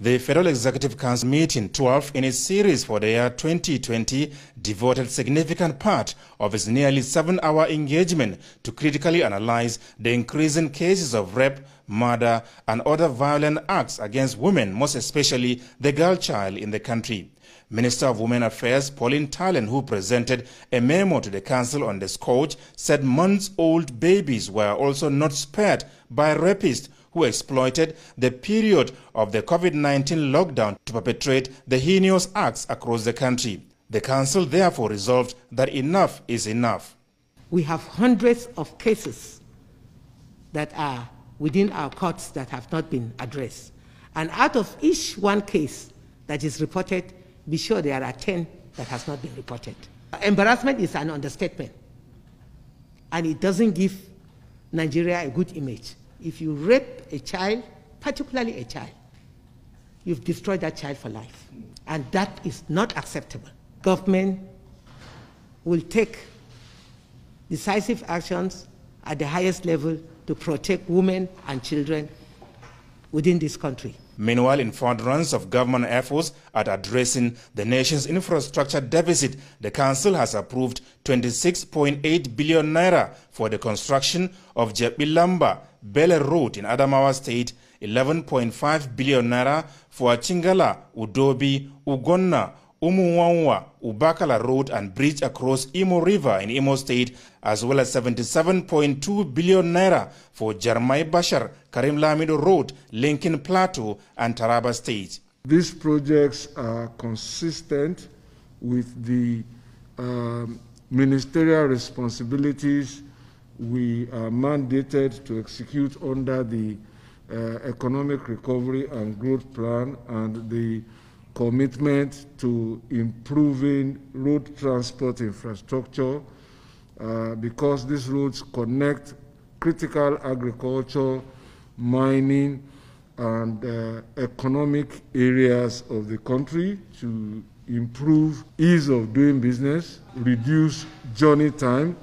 The Federal Executive Council meeting 12 in its series for the year 2020 devoted significant part of its nearly seven-hour engagement to critically analyze the increasing cases of rape, murder and other violent acts against women, most especially the girl child in the country. Minister of Women Affairs Pauline Talen, who presented a memo to the council on the scourge, said months-old babies were also not spared by rapists who exploited the period of the COVID-19 lockdown to perpetrate the heinous acts across the country. The council therefore resolved that enough is enough. We have hundreds of cases that are within our courts that have not been addressed. And out of each one case that is reported, be sure there are 10 that has not been reported. Embarrassment is an understatement, and it doesn't give Nigeria a good image if you rape a child, particularly a child, you've destroyed that child for life. And that is not acceptable. Government will take decisive actions at the highest level to protect women and children within this country. Meanwhile, in furtherance of government efforts at addressing the nation's infrastructure deficit, the council has approved 26.8 billion naira for the construction of Jepilamba Bele Road in Adamawa State 11.5 billion naira for Achingala, Udobi, Ugonna, Umuwanwa, Ubakala Road and bridge across Imo River in Imo State, as well as 77.2 billion naira for Jarmai Bashar, Karim Lamido Road, Lincoln Plateau, and Taraba State. These projects are consistent with the um, ministerial responsibilities we are mandated to execute under the uh, Economic Recovery and Growth Plan and the commitment to improving road transport infrastructure uh, because these roads connect critical agriculture, mining, and uh, economic areas of the country to improve ease of doing business, reduce journey time,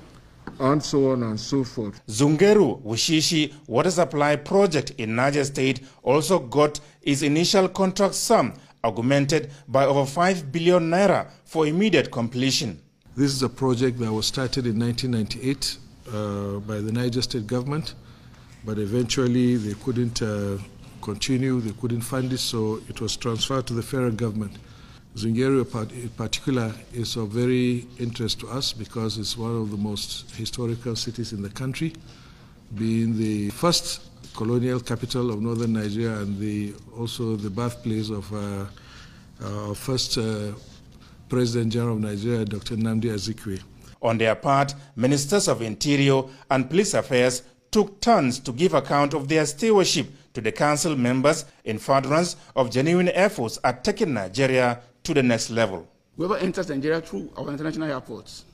and so on and so forth. Zungeru Wushishi Water Supply Project in Niger State also got its initial contract sum augmented by over 5 billion naira for immediate completion. This is a project that was started in 1998 uh, by the Niger State government, but eventually they couldn't uh, continue, they couldn't fund it, so it was transferred to the federal government. Zungeru in particular is of very interest to us because it's one of the most historical cities in the country, being the first colonial capital of northern Nigeria and the, also the birthplace of uh, uh our first uh, President General of Nigeria, Dr. Namdi Azikwe. On their part, ministers of interior and police affairs took turns to give account of their stewardship to the council members in furtherance of genuine efforts at taking Nigeria to the next level. Whoever enters Nigeria through our international airports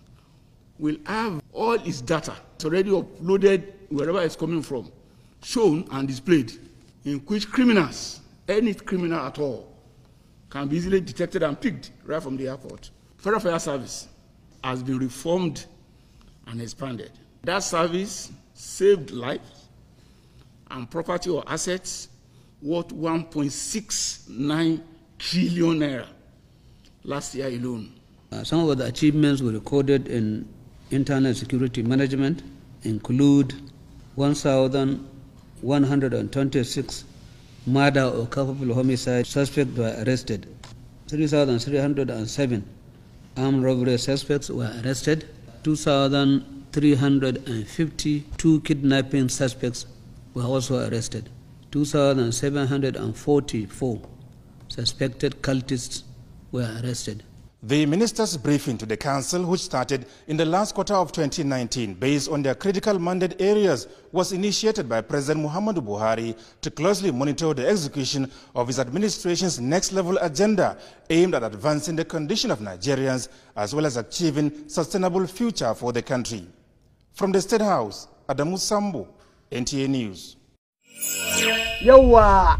will have all its data it's already uploaded wherever it's coming from, shown and displayed, in which criminals, any criminal at all, can be easily detected and picked right from the airport. Federal Fire Service has been reformed and expanded. That service saved lives and property or assets worth 1.69 trillion naira last year alone. Uh, some of the achievements we recorded in internal security management include 1,126 murder or culpable homicide suspects were arrested. 3,307 armed robbery suspects were arrested. 2,352 kidnapping suspects were also arrested. 2,744 suspected cultists were arrested. The minister's briefing to the council, which started in the last quarter of 2019 based on their critical mandate areas, was initiated by President Muhammadu Buhari to closely monitor the execution of his administration's next-level agenda aimed at advancing the condition of Nigerians as well as achieving sustainable future for the country. From the State House, Adamu Sambu, NTA News. Yawa!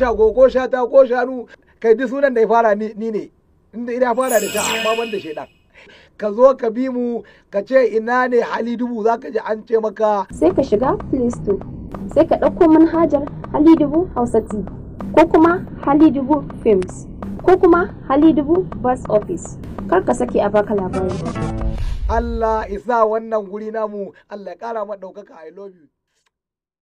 sha shago ko shata ko shanu kai duk sunan da ya fara ni ne inda ina fara da sha amma banda shaidan ka zo ka bi mu ka ce ina ne hali dubu za ka ji an ce maka sai ka shiga play store sai ka ɗauko manhajar hali dubu hausa t ko kuma hali dubu films ko kuma hali dubu bus office kar ka sake a baka labari Allah isa wannan guri namu Allah ya kara ma daukaka I love you